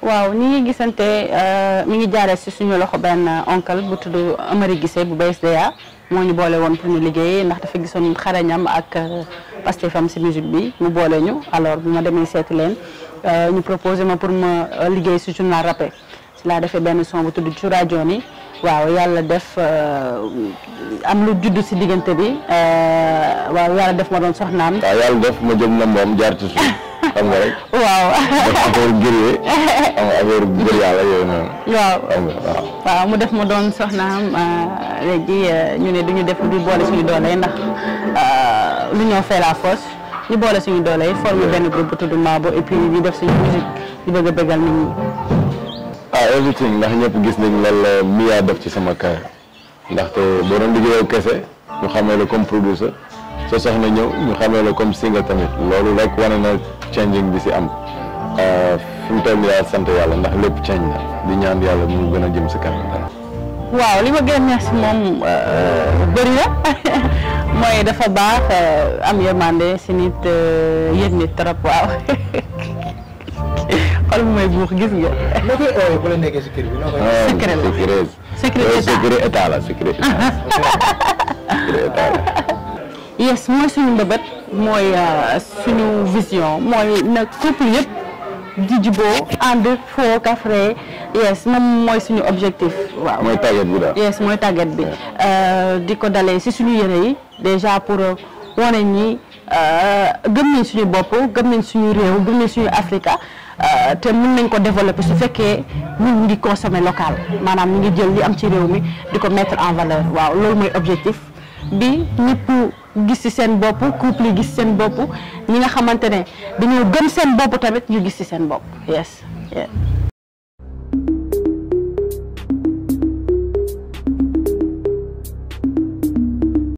waaw ñi ngi gisante euh, mu ngi jaaree si suñu loxo benn oncle bu tudd Amari Gise bu BSDA moo ñu boole woon pour ñu liggéey ndax dafa gisoon xareñam ak euh, pastéfam si musique bi mu boole ñu alors bu ma demee seeti leen euh, ñu proposé ma pour ma liggéey si journal rappé si laa defee benn son bu tudd Cura Jooni waaw yàlla def am lu juddu si diggante bi waaw yàlla def ma doon soxnaam. waaw yàlla def ma jëm na moom jaar ci suuf. xam nga rek. waaw. def yàlla yooyu noonu. waaw waaw. mu def ma doon soxnaam euh, léegi euh, ñu ne duñu def du boole suñu doole ndax euh, lu ñoo fee la force ñu boole suñu doole yi forme benn bu tudd Mabo et puis ñu def suñu musique di bëgg a bëggal nit ñi. Ah, ndax ñëpp gis nañ lan la Mia def ci sama carrière ndaxte boo doon liggéeyoo kese ñu xamee la comme producer soo soxna ñëw ñu xamee la comme single tamit loolu rek wane na. changing bi si am euh, fi mu toll nii sant yàlla ndax lépp change na di ñaan yàlla mu gën a jëm si kanam waaw li ma gën a neex moom euh, bëri na mooy dafa baax euh, am yërmande si nit yëg nit trop waaw xol bu may buux gis nga. noo la nekkee si kër bi noo koy. Ah, yes mooy suñu mbëbët mooy euh, suñu vision mooy na couple yëpp di juboo ànd foo kafre yes moom mooy suñu objectif waaw mooy tàggat bi mooy tàggat bi euh, di ko dalee si suñu yëre yi déjà pour euh, wane ñi gën nañ suñu bopp gën nañ suñu réew gëm nañ suñu Africa te mun nañ ko développer su fekkee ñun ngi consommer local maanaam ñu ngi jël li am ci réew mi di ko mettre en valeur waaw loolu mooy objectif bi ñëpp gis ci seen bopp couple yi gis seen bopp ñi nga xamante ne dañoo gën seen bopp tamit ñu gis ci seen bopp yes